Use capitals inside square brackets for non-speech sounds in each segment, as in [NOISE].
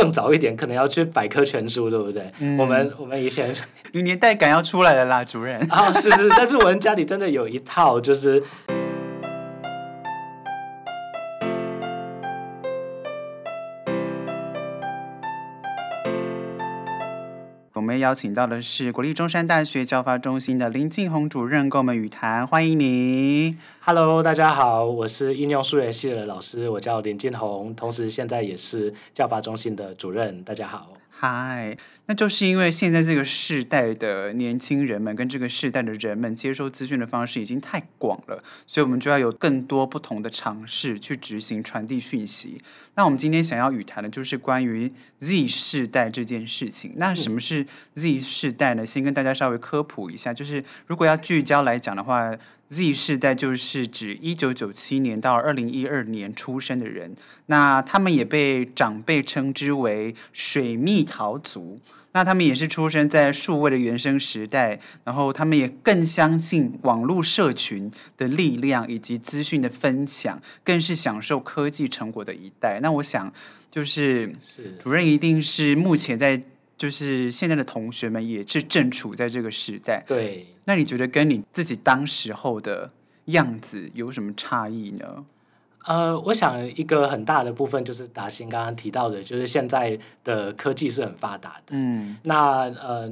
更早一點，可能要去百科全書，對不對？我們、嗯、我們以前有年代感要出來了啦，主任啊。哦，是是，但是我們家裡真的有一套，就是。邀請到的是國立中山大學教發中心的林晉宏主任，跟我們語談，歡迎您。Hello，大家好，我是應用數學系的老師，我叫林晉宏，同時現在也是教發中心的主任。大家好，Hi。那就是因為現在這個世代的年輕人們跟這個世代的人們接收資訊的方式已經太廣了，所以我們就要有更多不同的嘗試去執行傳遞訊息。那我們今天想要語談的就是關於 Z 世代這件事情。那什麼是 Z 世代呢？先跟大家稍微科普一下，就是如果要聚焦來講的話，Z 世代就是指一九九七年到二零一二年出生的人，那他們也被長輩稱之為水蜜桃族。那他們也是出生在數位的原生時代，然後他們也更相信網路社群的力量以及資訊的分享，更是享受科技成果的一代。那我想，就是主任一定是目前在，就是現在的同學們也是正處在這個時代。對，那你覺得跟你自己當時候的樣子有什麼差異呢？呃，我想一個很大的部分就是達新剛剛提到的，就是現在的科技是很發達的。嗯，那呃，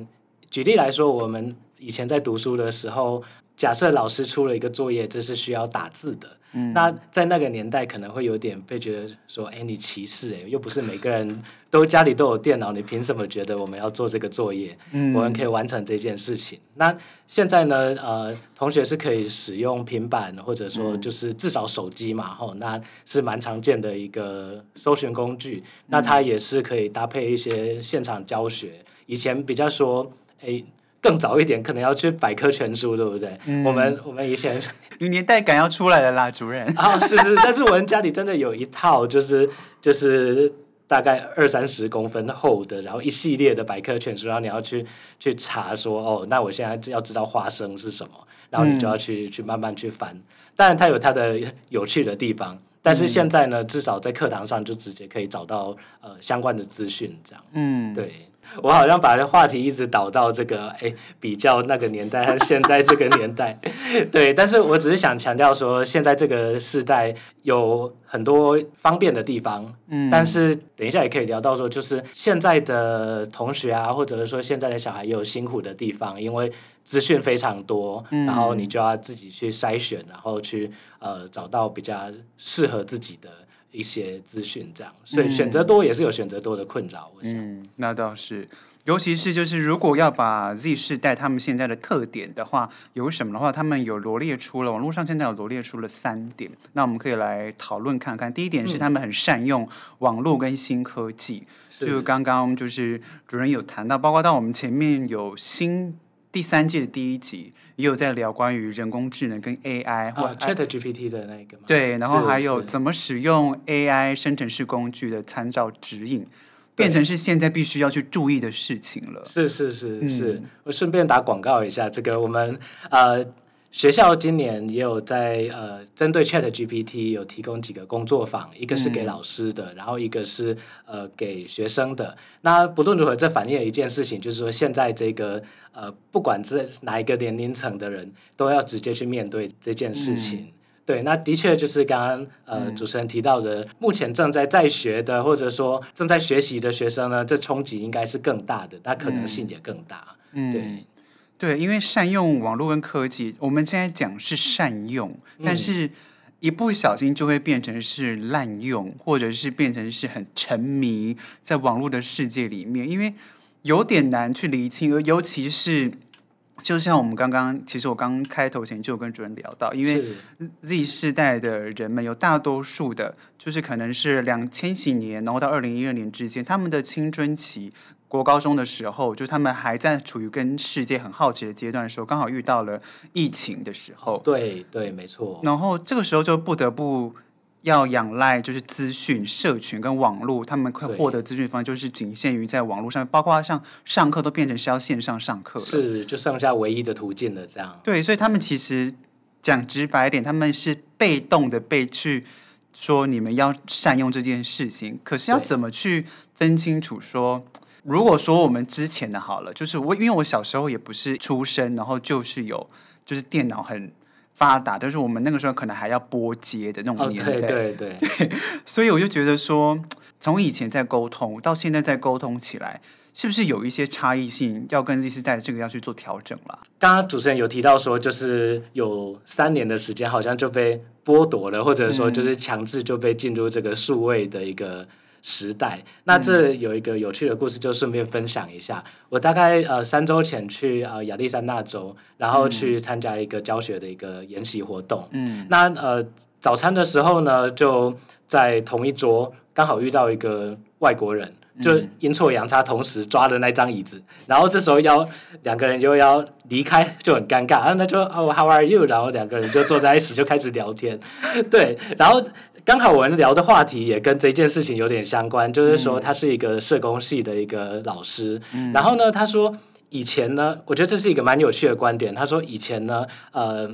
舉例來說，我們以前在讀書的時候。假設老師出了一個作業，這是需要打字的，嗯、那在那個年代可能會有點被覺得說，哎，你歧視誒、欸，又不是每個人都家裡都有電腦， [LAUGHS] 你憑什麼覺得我們要做這個作業？嗯、我們可以完成這件事情。那現在呢？呃，同學是可以使用平板，或者說就是至少手機嘛，吼、嗯哦，那是蠻常見的一個搜尋工具。嗯、那它也是可以搭配一些現場教學。以前比較說，哎。更早一點，可能要去百科全書，對不對？我們、嗯、我們以前有年代感要出來了啦，主任啊、哦，是是，但是我們家裡真的有一套，就是就是大概二三十公分厚的，然後一系列的百科全書，然後你要去去查說，哦，那我現在只要知道花生是什麼，然後你就要去、嗯、去慢慢去翻，當然它有它的有趣的地方，但是現在呢，至少在課堂上就直接可以找到呃相關的資訊，這樣，嗯，對。我好像把話題一直導到這個，哎、欸，比較那個年代和現在這個年代， [LAUGHS] 對，但是我只是想強調說，現在這個時代有很多方便的地方，嗯，但是等一下也可以聊到說，就是現在的同學啊，或者說現在的小孩也有辛苦的地方，因為資訊非常多，然後你就要自己去篩選，然後去呃找到比較適合自己的。一些資訊這樣，所以選擇多也是有選擇多的困擾。嗯、我想、嗯、那倒是，尤其是就是如果要把 Z 世代他們現在的特點的話，有什麼的話，他們有羅列出了，網絡上現在有羅列出了三點，那我們可以來討論看看。第一點是他們很善用網絡跟新科技，嗯、就是剛剛就是主任有談到，包括到我們前面有新。第三季的第一集也有在聊關於人工智能跟 AI、啊、或 I ChatGPT 的那個嗎？對，然後還有是是怎麼使用 AI 生成式工具的參照指引，對變成是現在必須要去注意的事情了。是是是是，嗯，是，我順便打廣告一下，這個我們呃。學校今年也有在呃，針對 ChatGPT 有提供幾個工作坊，一個是給老師的，嗯、然後一個是呃給學生的。那不論如何，這反映了一件事情，就是說現在這個呃，不管是哪一個年齡層的人，都要直接去面對這件事情。嗯、對，那的確就是剛剛呃、嗯、主持人提到的，目前正在在學的，或者說正在學習的學生呢，這衝擊應該是更大的，那可能性也更大。嗯。對。對，因為善用網絡跟科技，我們現在講是善用，但是一不小心就會變成是濫用，或者是變成是很沉迷在網絡的世界裡面，因為有點難去理清，而尤其是就像我們剛剛，其實我剛開頭前就跟主任聊到，因為 Z 世代的人們有大多數的，就是可能是兩千幾年，然後到二零一二年之間，他們的青春期。國高中的時候，就他們還在處於跟世界很好奇的階段的時候，剛好遇到了疫情的時候，對對，沒錯。然後這個時候就不得不要仰賴就是資訊社群跟網絡，他們可以獲得資訊方就是僅限於在網絡上，對包括像上，上課都變成是要線上上課，是就剩下唯一的途徑了這樣。對，所以他們其實講直白一點，他們是被動的被去說你們要善用這件事情，可是要怎麼去分清楚說？如果說我們之前的好了，就是我因為我小時候也不是出生，然後就是有就是電腦很發達，但，就是我們那個時候可能還要撥接的那種年代，哦，對對對，對。所以我就覺得說，從以前在溝通到現在在溝通起來，是不是有一些差異性，要跟新世代這個要去做調整了？剛剛主持人有提到說，就是有三年的時間好像就被剝奪了，或者說就是強制就被進入這個數位的一個。時代，那這有一個有趣的故事，就順便分享一下。嗯、我大概呃三週前去呃亞利桑那州，然後去參加一個教學的一個研習活動。嗯，那呃早餐的時候呢，就在同一桌，剛好遇到一個外國人，就陰錯陽差同時抓了那張椅子，然後這時候要兩個人就要離開，就很尷尬。然後，啊，那就哦、oh，How are you？然後兩個人就坐在一起就開始聊天。 [LAUGHS] 對，然後。剛好我們聊的話題也跟這件事情有點相關，就是說他是一個社工系的一個老師，然後呢，他說以前呢，我覺得這是一個蠻有趣的觀點。他說以前呢，呃，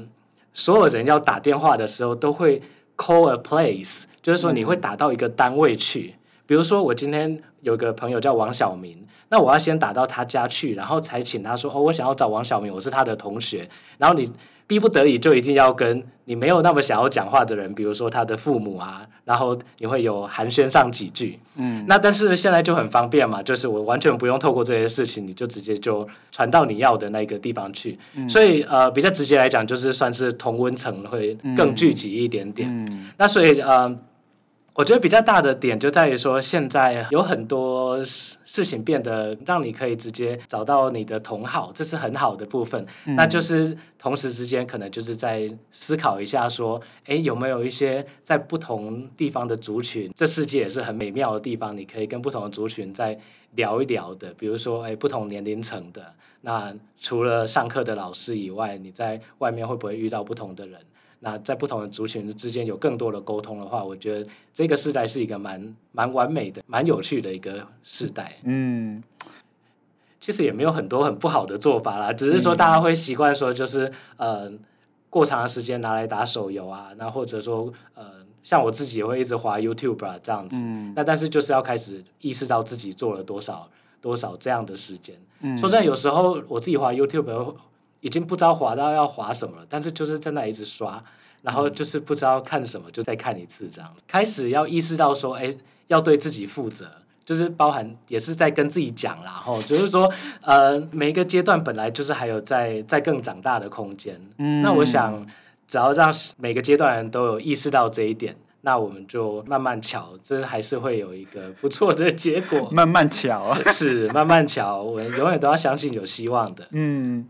所有人要打電話的時候都會 call a place，就是說你會打到一個單位去。比如說我今天有個朋友叫王小明，那我要先打到他家去，然後才請他說哦，我想要找王小明，我是他的同學，然後你。逼不得已就一定要跟你沒有那麼想要講話的人，比如說他的父母啊，然後你會有寒暄上幾句，嗯，那但是現在就很方便嘛，就是我完全不用透過這些事情，你就直接就傳到你要的那個地方去，嗯、所以呃，比較直接來講，就是算是同溫層會更聚集一點點，嗯嗯、那所以呃。我覺得比較大的點就在於說，現在有很多事事情變得讓你可以直接找到你的同好，這是很好的部分。嗯、那就是同時之間，可能就是在思考一下，說，哎、欸，有沒有一些在不同地方的族群？這世界也是很美妙的地方，你可以跟不同的族群再聊一聊的。比如說，哎、欸，不同年齡層的。那除了上課的老師以外，你在外面會不會遇到不同的人？那在不同的族群之間有更多的溝通的話，我覺得這個時代是一個蠻蠻完美的、蠻有趣的一個時代。嗯，其實也沒有很多很不好的做法啦，只是說大家會習慣說，就是、嗯、呃，過長的時間拿來打手遊啊，那或者說呃，像我自己也會一直滑 YouTube、啊、這樣子。嗯、那但是就是要開始意識到自己做了多少多少這樣的時間。嗯，說真的，有時候我自己滑 YouTube。已經不知道滑到要滑什麼了，但是就是在那一直刷，然後就是不知道看什麼，就再看一次這樣。嗯、開始要意識到說，哎，要對自己負責，就是包含也是在跟自己講啦。然後就是說，呃，每一個階段本來就是還有在在更長大的空間。嗯、那我想，只要讓每個階段人都有意識到這一點，那我們就慢慢瞧，這還是會有一個不錯的結果。慢慢瞧，是慢慢瞧， [LAUGHS] 我永遠都要相信有希望的。嗯。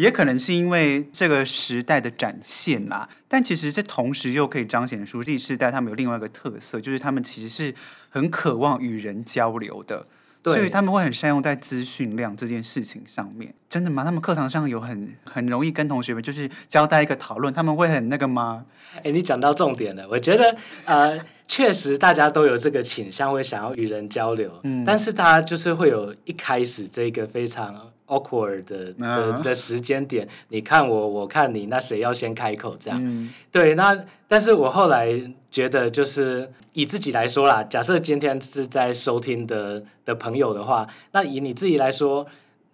也可能是因為這個時代的展現啦，但其實這同時又可以彰顯出 Z 世代他們有另外一個特色，就是他們其實是很渴望與人交流的，對所以他們會很善用在資訊量這件事情上面。真的嗎？他們課堂上有很很容易跟同學們就是交代一個討論，他們會很那個嗎？哎、欸，你講到重點了，我覺得呃， [LAUGHS] 確實大家都有這個傾向，會想要與人交流，嗯，但是他就是會有一開始這個非常。awkward 的，的，uh，的時間點，你看我，我看你，那誰要先開口？這樣，mm，對，那但是我後來覺得，就是以自己來說啦，假設今天是在收聽的的朋友的話，那以你自己來說。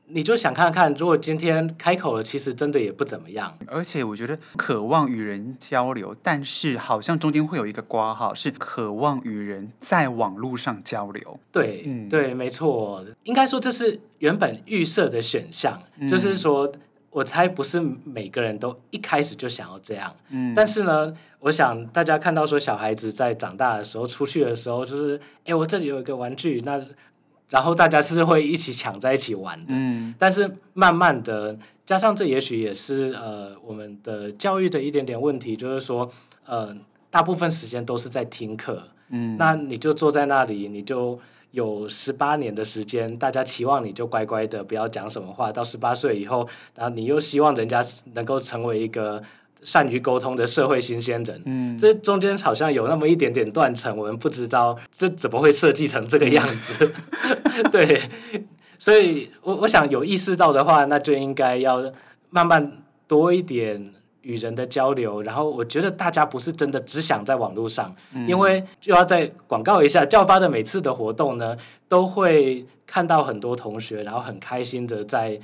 你就想看看，如果今天開口了，其實真的也不怎麼樣。而且我覺得渴望與人交流，但是好像中間會有一個括號，是渴望與人在網絡上交流。對，嗯、對，沒錯，應該說這是原本預設的選項。嗯、就是說，我猜不是每個人都一開始就想要這樣。嗯，但是呢，我想大家看到說，小孩子在長大的時候，出去的時候，就是，哎、欸，我這裡有一個玩具，那。然後大家是會一起搶在一起玩的，嗯，但是慢慢的加上這也許也是呃我們的教育的一點點問題，就是說，呃，大部分時間都是在聽課，嗯，那你就坐在那裡，你就有十八年的時間，大家期望你就乖乖的不要講什麼話，到十八歲以後，然後你又希望人家能夠成為一個。善於溝通的社會新鮮人，嗯，這中間好像有那麼一點點斷層，我們不知道這怎麼會設計成這個樣子，嗯、 [LAUGHS] [LAUGHS] 對，所以我我想有意識到的話，那就應該要慢慢多一點與人的交流。然後我覺得大家不是真的只想在網絡上，嗯、因為就要再廣告一下，教發的每次的活動呢，都會看到很多同學，然後很開心的在。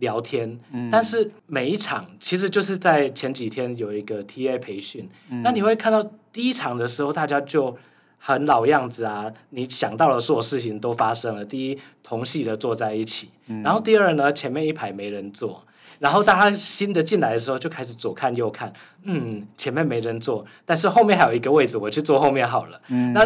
聊天，嗯、但是每一場其實就是在前幾天有一個 TA 培訓，嗯、那你會看到第一場的時候，大家就很老樣子啊。你想到了所有事情都發生了，第一同系的坐在一起，嗯、然後第二呢，前面一排沒人坐，然後大家新的進來的時候就開始左看右看，嗯，嗯前面沒人坐，但是後面還有一個位置，我去坐後面好了。嗯、那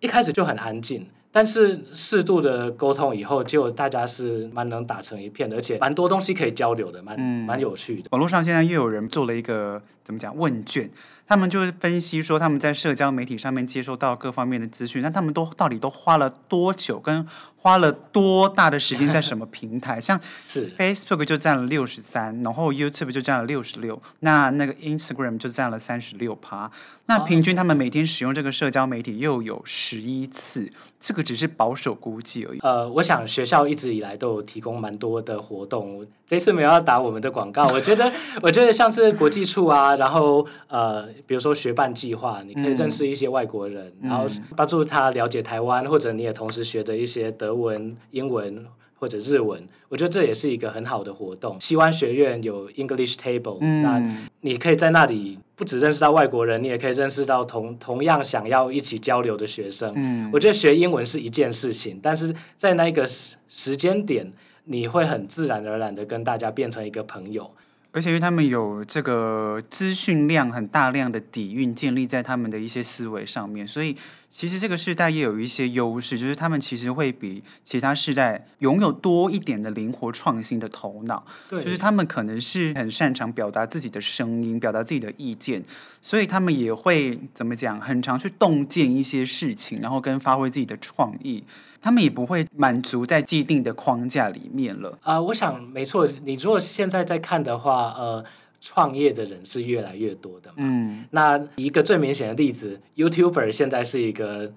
一開始就很安靜。但是適度的溝通以後，就大家是蠻能打成一片的，而且蠻多東西可以交流的，蠻蠻有趣的。嗯，網絡上現在又有人做了一個怎麼講問卷。他們就是分析說，他們在社交媒體上面接收到各方面的資訊，那他們都到底都花了多久，跟花了多大的時間在什麼平台？像是 Facebook 就佔了六十三，然後 YouTube 就佔了六十六，那那個 Instagram 就佔了三十六趴。那平均他們每天使用這個社交媒體又有十一次，這個只是保守估計而已。呃，我想學校一直以來都有提供蠻多的活動，這次沒有要打我們的廣告，我覺得我覺得像是國際處啊， [LAUGHS] 然後呃。比如說學伴計劃，你可以認識一些外國人，嗯，嗯，然後幫助他了解台灣，或者你也同時學的一些德文、英文或者日文。我覺得這也是一個很好的活動。西灣學院有 English Table，嗯，那你可以在那裡不只認識到外國人，你也可以認識到同同樣想要一起交流的學生。嗯，我覺得學英文是一件事情，但是在那一個時間點，你會很自然而然地跟大家變成一個朋友。而且因為他們有這個資訊量很大量的底蘊建立在他們的一些思維上面，所以其實這個世代也有一些優勢，就是他們其實會比其他世代擁有多一點的靈活創新的頭腦。對，就是他們可能是很擅長表達自己的聲音，表達自己的意見，所以他們也會怎麼講，很常去洞見一些事情，然後跟發揮自己的創意。他們也不會滿足在既定的框架裡面了啊、呃！我想沒錯，你如果現在在看的話，呃，創業的人是越來越多的嘛。嗯，那一個最明顯的例子，YouTuber 現在是一個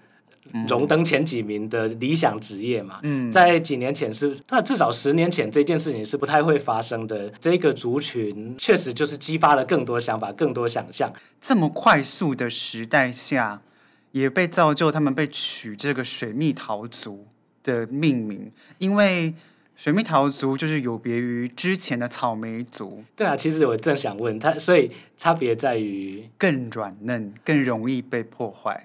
榮登前幾名的理想職業嘛。嗯，在幾年前是，那至少十年前這件事情是不太會發生的。這個族群確實就是激發了更多想法、更多想象。這麼快速的時代下。也被造就，他們被取這個水蜜桃族的命名，因為水蜜桃族就是有別於之前的草莓族。對啊，其實我正想問他，所以差別在於更軟嫩，更容易被破壞。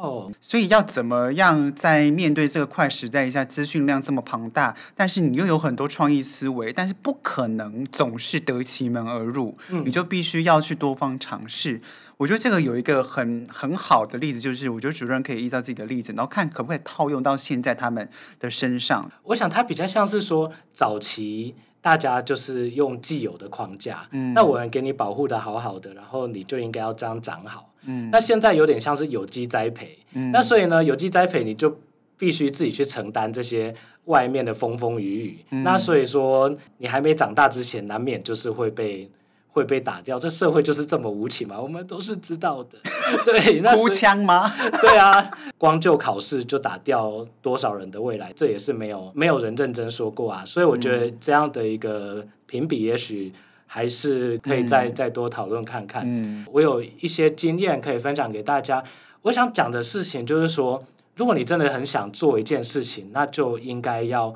哦，oh. 所以要怎麼樣在面對這個快時代一下，資訊量這麼龐大，但是你又有很多創意思維，但是不可能總是得其門而入，嗯，你就必須要去多方嘗試。我覺得這個有一個很很好的例子，就是我覺得主任可以依照自己的例子，然後看可不可以套用到現在他們的身上。我想他比較像是說，早期大家就是用既有的框架，嗯，那我們給你保護得好好的，然後你就應該要這樣長好。嗯，那現在有點像是有機栽培，嗯，那所以呢，有機栽培你就必須自己去承擔這些外面的風風雨雨，嗯，那所以說你還沒長大之前，難免就是會被會被打掉，這社會就是這麼無情嘛，我們都是知道的，呵呵對，那是槍嗎？對啊，光就考試就打掉多少人的未來，這也是沒有沒有人認真說過啊，所以我覺得這樣的一個評比也許。還是可以再、嗯、再多討論看看。嗯，我有一些經驗可以分享給大家。我想講的事情就是說，如果你真的很想做一件事情，那就應該要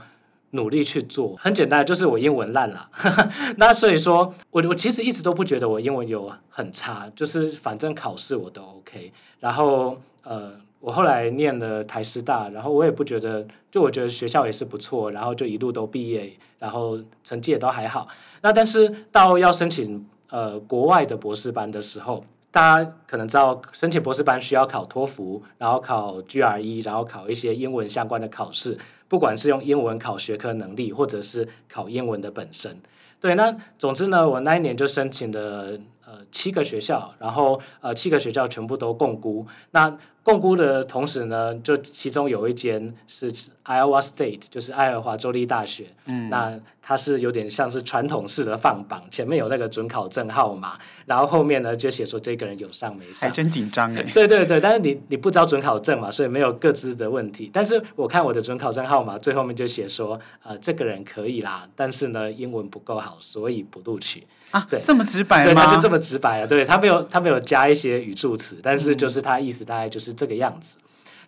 努力去做。很簡單，就是我英文爛了。 [LAUGHS] 那所以說，我我其實一直都不覺得我英文有很差，就是反正考試我都 OK。然後呃。我後來念了台師大，然後我也不覺得，就我覺得學校也是不錯，然後就一路都畢業，然後成績也都還好。那但是到要申請呃國外的博士班的時候，大家可能知道申請博士班需要考托福，然後考 GRE，然後考一些英文相關的考試，不管是用英文考學科能力，或者是考英文的本身。對，那總之呢，我那一年就申請了呃七個學校，然後呃七個學校全部都槓龜那。共估的同時呢，就其中有一間是 Iowa State，就是愛荷華州立大學。嗯，那它是有點像是傳統式的放榜，前面有那個准考證號碼，然後後面呢就寫說這個人有上沒上，還真緊張哎、欸。對對對，但是你你不知道准考證嘛，所以沒有各自的問題。但是我看我的准考證號碼最後面就寫說，呃，這個人可以啦，但是呢英文不夠好，所以不錄取啊。對，這麼直白嗎？對，他就這麼直白了，對他沒有他沒有加一些語助詞，但是就是他意思大概就是。這個樣子，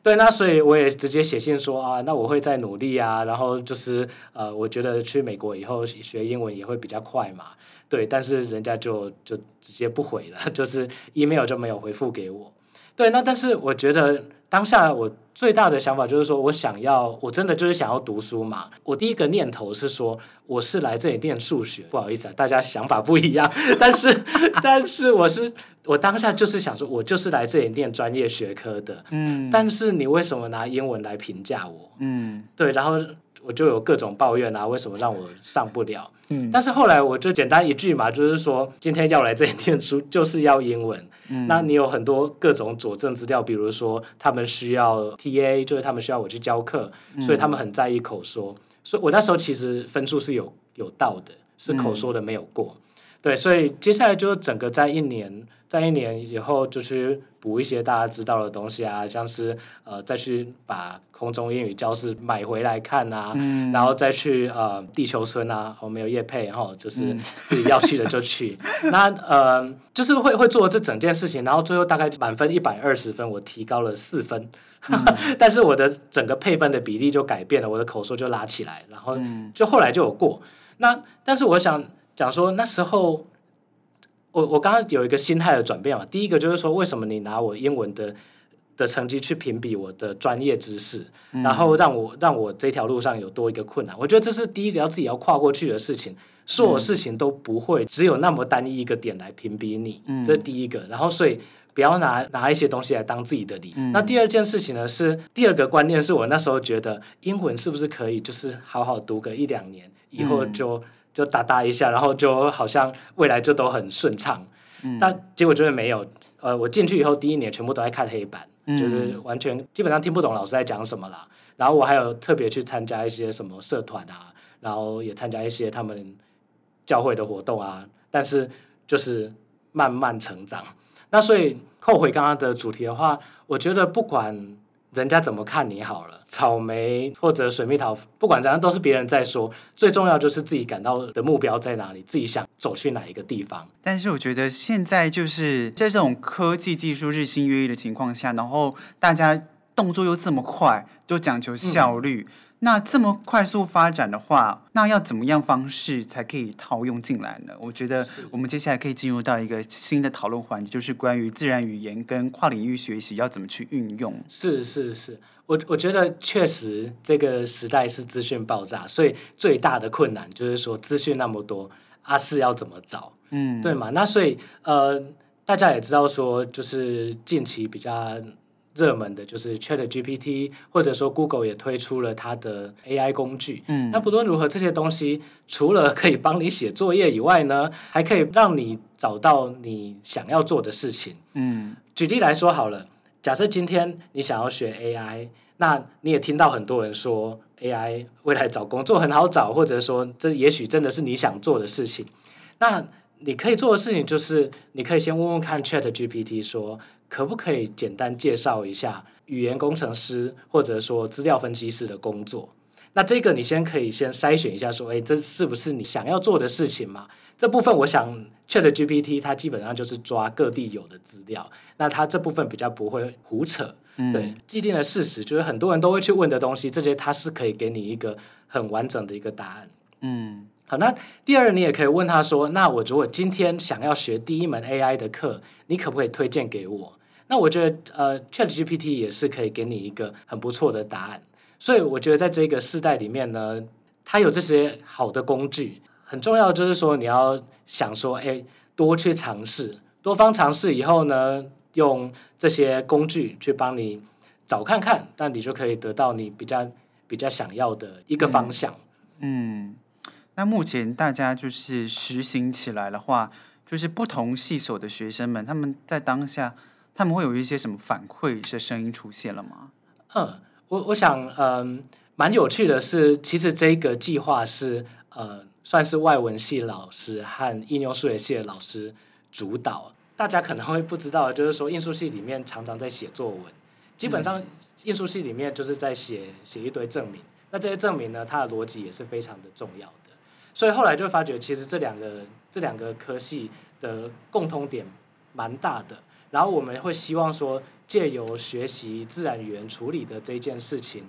對，那所以我也直接寫信說啊，那我會再努力啊，然後就是呃，我覺得去美國以後學英文也會比較快嘛，對，但是人家就就直接不回了，就是 email 就沒有回復給我。對，那但是我覺得當下我最大的想法就是說我想要，我真的就是想要讀書嘛。我第一個念頭是說，我是來這裡念數學，不好意思啊，大家想法不一樣。但是 [LAUGHS] 但是我是我當下就是想說，我就是來這裡念專業學科的。嗯，但是你為什麼拿英文來評價我？嗯，對，然後。我就有各種抱怨啊，為什麼讓我上不了？嗯，但是後來我就簡單一句嘛，就是說今天要來這裡念書就是要英文。嗯，那你有很多各種佐證資料，比如說他們需要 T A，就是他們需要我去教課，嗯，所以他們很在意口說。所以我那時候其實分數是有有到的，是口說的沒有過。嗯對，所以接下來就整個在一年，在一年以後就是補一些大家知道的東西啊，像是呃再去把空中英語教室買回來看啊，嗯、然後再去呃地球村啊，我、哦、沒有業配哈、哦，就是自己要去的就去。嗯、 [LAUGHS] 那呃就是會會做這整件事情，然後最後大概滿分一百二十分，我提高了四分，嗯、 [LAUGHS] 但是我的整個配分的比例就改變了，我的口說就拉起來，然後就後來就有過。嗯、那但是我想。講說那時候，我我剛剛有一個心態的轉變嘛。第一個就是說，為什麼你拿我英文的的成績去評比我的專業知識？嗯、然後讓我讓我這條路上有多一個困難？我覺得這是第一個要自己要跨過去的事情。所有事情都不會只有那麼單一一個點來評比你。嗯、這是第一個。然後所以不要拿拿一些東西來當自己的理。嗯、那第二件事情呢，是第二個觀念，是我那時候覺得英文是不是可以就是好好讀個一兩年，以後就、嗯。就噠噠一下，然後就好像未來就都很順暢，嗯、但結果就是沒有。呃，我進去以後第一年全部都在看黑板，嗯、就是完全基本上聽不懂老師在講什麼啦。然後我還有特別去參加一些什麼社團啊，然後也參加一些他們教會的活動啊。但是就是慢慢成長。那所以扣回剛剛的主題的話，我覺得不管。人家怎麼看你好了，草莓或者水蜜桃，不管怎樣都是別人在說。最重要就是自己感到的目標在哪裡，自己想走去哪一個地方。但是我覺得現在就是在這種科技技術日新月異的情況下，然後大家動作又這麼快，就講求效率。嗯那這麼快速發展的話，那要怎麼樣方式才可以套用進來呢？我覺得我們接下來可以進入到一個新的討論環節，就是關於自然語言跟跨領域學習要怎麼去運用。是是是，我我覺得確實這個時代是資訊爆炸，所以最大的困難就是說資訊那麼多，啊，是要怎麼找？嗯，對嗎？那所以呃，大家也知道說，就是近期比較。熱門的就是 Chat GPT，或者說 Google 也推出了它的 AI 工具。嗯，那不論如何，這些東西除了可以幫你寫作業以外呢，還可以讓你找到你想要做的事情。嗯，舉例來說好了，假設今天你想要學 AI，那你也聽到很多人說 AI 未來找工作很好找，或者說這也許真的是你想做的事情。那你可以做的事情就是，你可以先問問看 Chat GPT，說，可不可以簡單介紹一下語言工程師或者說資料分析師的工作？那這個你先可以先篩選一下說，說、欸、哎，這是不是你想要做的事情嘛？這部分我想，Chat GPT 它基本上就是抓各地有的資料，那它這部分比較不會胡扯，嗯、對既定的事實就是很多人都會去問的東西，這些它是可以給你一個很完整的一個答案。嗯，好，那第二你也可以問他說，那我如果今天想要學第一門 AI 的課，你可不可以推薦給我？那我覺得，呃，ChatGPT 也是可以給你一個很不錯的答案。所以我覺得，在這個世代裡面呢，它有這些好的工具，很重要就是說，你要想說，哎，多去嘗試，多方嘗試以後呢，用這些工具去幫你找看看，那你就可以得到你比較比較想要的一個方向嗯。嗯，那目前大家就是實行起來的話，就是不同系所的學生們，他們在當下。他們會有一些什麼反饋？一些聲音出現了嗎？嗯，我我想，嗯，蠻有趣的是。是其實這個計劃是，呃、嗯，算是外文系老師和應用數學系的老師主導。大家可能會不知道，就是說，應數系裡面常常在寫作文，基本上、嗯、應數系裡面就是在寫寫一堆證明。那這些證明呢，它的邏輯也是非常的重要的。所以後來就會發覺，其實這兩個這兩個科系的共通點蠻大的。然後我們會希望說，借由學習自然語言處理的這件事情，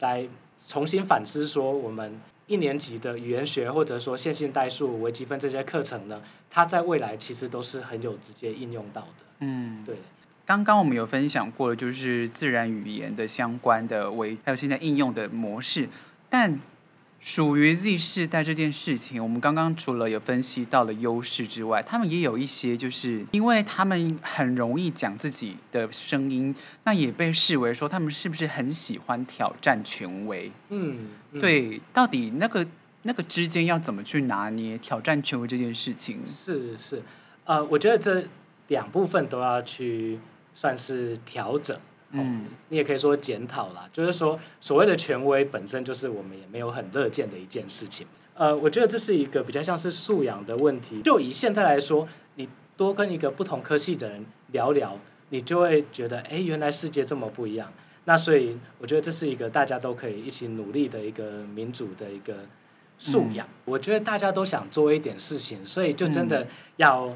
來重新反思說，我們一年級的語言學，或者說線性代數、微積分這些課程呢，它在未來其實都是很有直接應用到的。嗯，對。剛剛我們有分享過，就是自然語言的相關的微，還有現在應用的模式，但。屬於 Z 世代這件事情，我們剛剛除了有分析到了優勢之外，他們也有一些，就是因為他們很容易講自己的聲音，那也被視為說，他們是不是很喜歡挑戰權威？嗯，嗯，對，到底那個那個之間要怎麼去拿捏挑戰權威這件事情？是是，呃，我覺得這兩部分都要去算是調整。嗯，你也可以說檢討啦，就是說所謂的權威本身就是我們也沒有很樂見的一件事情。呃，我覺得這是一個比較像是素養的問題。就以現在來說，你多跟一個不同科系的人聊聊，你就會覺得，哎，原來世界這麼不一樣。那所以我覺得這是一個大家都可以一起努力的一個民主的一個素養。嗯，我覺得大家都想做一點事情，所以就真的要，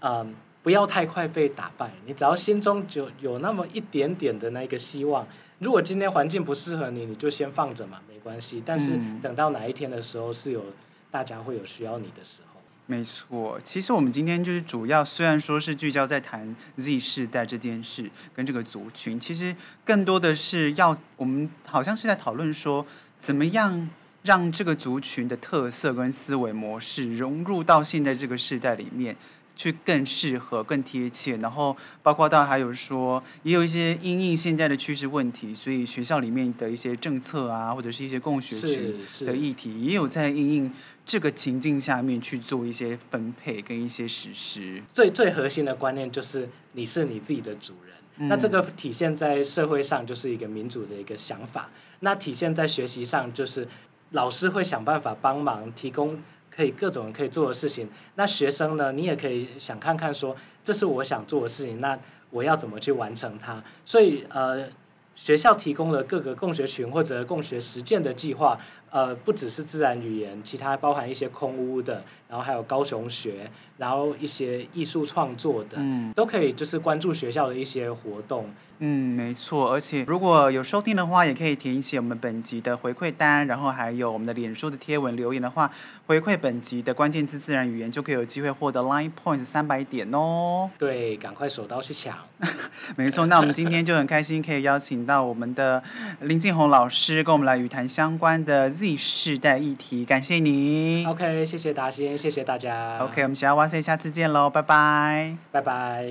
嗯。呃不要太快被打敗，你只要心中就有那麼一點點的那個希望。如果今天環境不適合你，你就先放着嘛，沒關係。但是等到哪一天的時候，是有大家會有需要你的時候。沒錯，其實我們今天就是主要，雖然說是聚焦在談 Z 世代這件事跟這個族群，其實更多的是要我們好像是在討論說，怎麼樣讓這個族群的特色跟思維模式融入到現在這個時代裡面。去更適合、更貼切，然後包括到還有說，也有一些因應現在的趨勢問題，所以學校裡面的一些政策啊，或者是一些共學群的議題，也有在因應這個情境下面去做一些分配跟一些實施。最最核心的觀念就是你是你自己的主人，嗯、那這個體現在社會上就是一個民主的一個想法，那體現在學習上就是老師會想辦法幫忙提供。可以各種可以做的事情。那學生呢？你也可以想看看說，這是我想做的事情，那我要怎麼去完成它？所以，呃，學校提供了各個共學群或者共學實踐的計劃。呃，不只是自然語言，其他包含一些空屋的，然後還有高雄學，然後一些藝術創作的，嗯，都可以，就是關注學校的一些活動。嗯，沒錯，而且如果有收聽的話，也可以填寫我們本集的回饋單，然後還有我們的臉書的貼文留言的話，回饋本集的關鍵字“自然語言”，就可以有機會獲得 Line Points 三百點哦。對，趕快手刀去搶。 [LAUGHS] 沒錯，那我們今天就很開心，可以邀請到我們的林晉宏老師，跟我們來語談相關的 Z 世代議題，感謝你。OK，謝謝達先，謝謝大家。OK，我們西啊灣 SAY，下次見嘍，拜拜。拜拜。